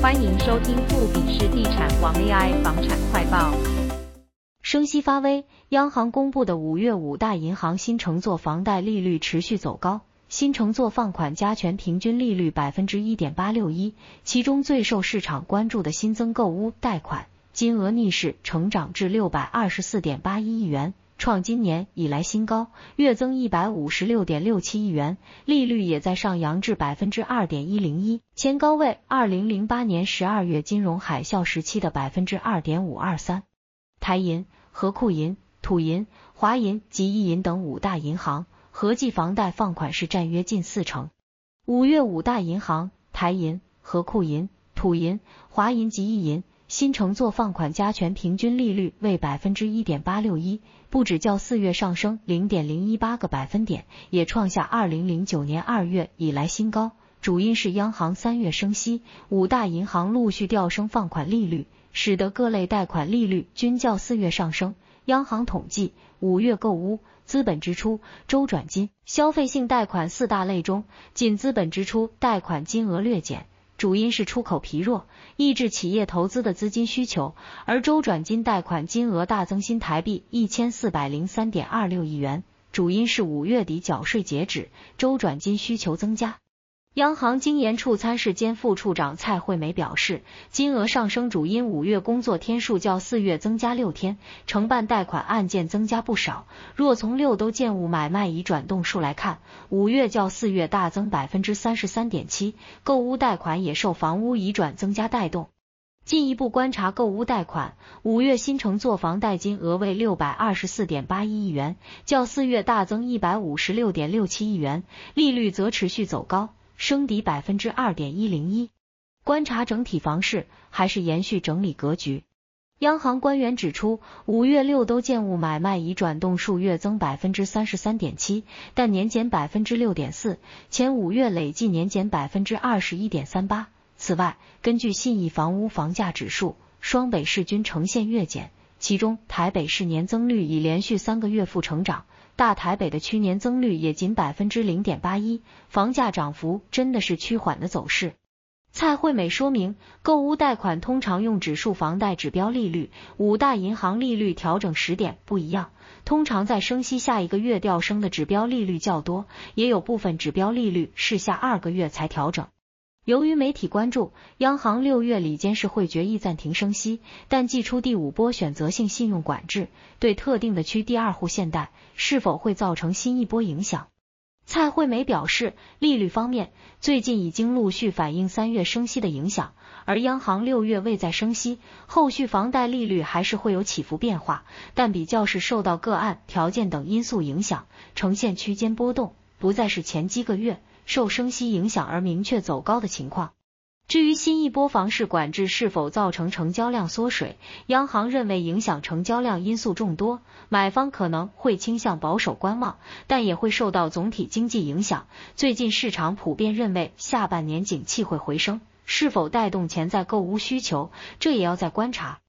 歡迎收聽富比士地產王 AI 房產快報。升息發威，央行公布的五月五大銀行新承做房貸利率持續走高，新承做放款加權平均利率百分之一點八六一，其中最受市場關注的新增購屋貸款金額逆勢成長至六百二十四點八一億元。創今年以來新高，月增一百五十六點六七億元，利率也在上揚至百分之二點一零一，前高位二零零八年十二月金融海嘯時期的百分之二點五二三。台銀、合庫銀、土銀、華銀及一銀等五大銀行合計房貸放款是占約近四成。五月五大銀行台銀、合庫銀、土銀、華銀及一銀。新承做放款加權平均利率為百分之一點八六一，不止較四月上升零點零一八個百分點，也創下二零零九年二月以來新高。主因是央行三月升息，五大銀行陸續調升放款利率，使得各類貸款利率均較四月上升。央行統計，五月購屋、資本支出、周轉金、消費性貸款四大類中，僅資本支出貸款金額略減。主因是出口疲弱，抑制企業投資的資金需求，而週轉金貸款金額大增，新台幣一千四百零三點二六億元，主因是五月底繳稅截止，週轉金需求增加。央行經研處參事兼副處長蔡惠梅表示，金額上升主因五月工作天數較四月增加六天，承辦貸款案件增加不少。若從六都建物買賣移轉棟數來看，五月較四月大增百分之三十三點七，購屋貸款也受房屋移轉增加帶動。進一步觀察購屋貸款，五月新承做房貸金額為六百二十四點八一億元，較四月大增一百五十六點六七億元，利率則持續走高。升抵百分之二點一零一。觀察整體房市，還是延續整理格局。央行官員指出，五月六都建物買賣移轉棟數月增百分之三十三點七，但年減百分之六點四，前五月累計年減百分之二十一點三八。此外，根據信義房屋房價指數，雙北市均呈現月減。其中，台北市年增率已連續三個月負成長，大台北地區年增率也僅百分之零點八一，房價漲幅真的是趨緩的走勢。蔡惠美說明，購屋貸款通常用指數房貸指標利率，五大銀行利率調整時點不一樣，通常在升息下一個月調升的指標利率較多，也有部分指標利率是下二個月才調整。由於媒體關注，央行六月理監事會決議暫停升息，但祭出第五波選擇性信用管制，對特定的區第二戶限貸是否會造成新一波影響？蔡惠美表示，利率方面最近已經陸續反映三月升息的影響，而央行六月未再升息，後續房貸利率還是會有起伏變化，但比較是受到個案條件等因素影響，呈現區間波動，不再是前幾個月，受升息影響而明確走高的情況。至於新一波房市管制是否造成成交量縮水，央行認為影響成交量因素眾多，買方可能會傾向保守觀望，但也會受到總體經濟影響。最近市場普遍認為下半年景氣會回升，是否帶動潛在購屋需求，這也要再觀察。